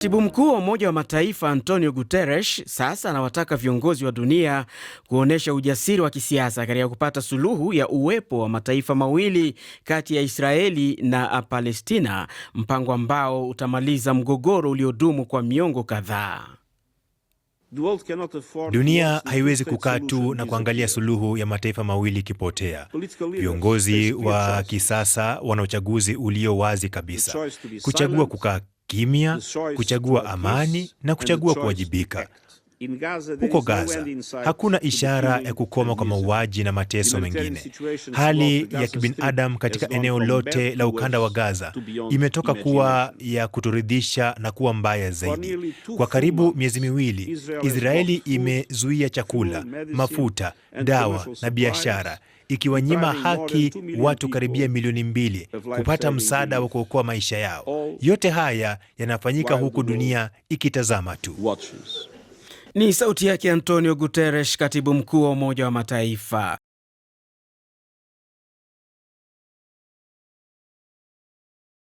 Katibu mkuu wa Umoja wa Mataifa Antonio Guterres sasa anawataka viongozi wa dunia kuonyesha ujasiri wa kisiasa katika kupata suluhu ya uwepo wa mataifa mawili kati ya Israeli na Palestina, mpango ambao utamaliza mgogoro uliodumu kwa miongo kadhaa. Dunia haiwezi kukaa tu na kuangalia suluhu ya mataifa mawili ikipotea. Viongozi wa kisasa wana uchaguzi ulio wazi kabisa, kuchagua kukaa kimya, kuchagua amani na kuchagua kuwajibika. Huko Gaza hakuna ishara ya kukoma kwa mauaji na mateso mengine. Hali ya kibinadamu katika eneo lote la ukanda wa Gaza imetoka kuwa ya kutoridhisha na kuwa mbaya zaidi. Kwa karibu miezi miwili, Israeli imezuia chakula, mafuta, dawa na biashara ikiwanyima haki watu karibia milioni mbili kupata msaada wa kuokoa maisha yao. Yote haya yanafanyika huku dunia ikitazama tu. Watches. Ni sauti yake Antonio Guterres, katibu mkuu wa Umoja wa Mataifa.